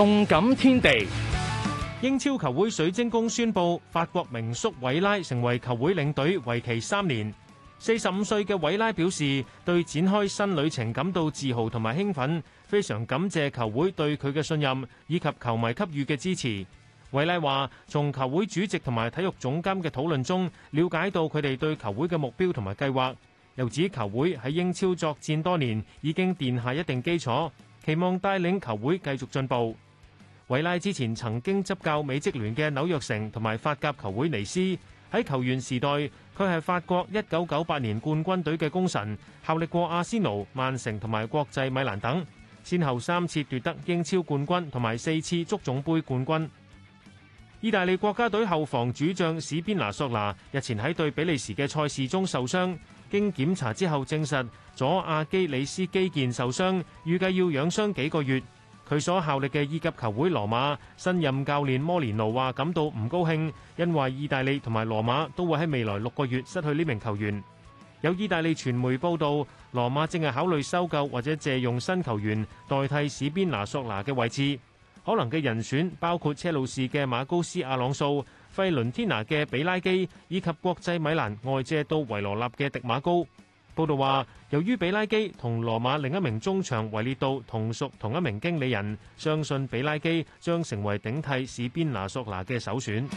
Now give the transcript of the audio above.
動感天地，英超球會水晶宮宣布，法國名宿韋拉成為球會領隊，為期三年。四十五歲嘅韋拉表示，對展開新旅程感到自豪同埋興奮，非常感謝球會對佢嘅信任以及球迷給予嘅支持。韋拉話，從球會主席同埋體育總監嘅討論中，了解到佢哋對球會嘅目標同埋計劃，又指球會喺英超作戰多年，已經奠下一定基礎，期望帶領球會繼續進步。韋拉之前曾經執教美職聯嘅紐約城同埋法甲球會尼斯。喺球員時代，佢係法國一九九八年冠軍隊嘅功臣，效力過阿仙奴、曼城同埋國際米蘭等，先後三次奪得英超冠軍同埋四次足總盃冠軍。意大利國家隊後防主將史邊拿索拿日前喺對比利時嘅賽事中受傷，經檢查之後證實咗阿基里斯基腱受傷，預計要養傷幾個月。佢所效力嘅意甲球會羅馬新任教練摩連奴話感到唔高興，因為意大利同埋羅馬都會喺未來六個月失去呢名球員。有意大利傳媒報道，羅馬正係考慮收購或者借用新球員代替史邊拿索拿嘅位置。可能嘅人選包括車路士嘅馬高斯阿朗素、費倫天拿嘅比拉基以及國際米蘭外借到維羅納嘅迪馬高。報道話，由於比拉基同羅馬另一名中場維列道同屬同一名經理人，相信比拉基將成為頂替史邊拿索拿嘅首選。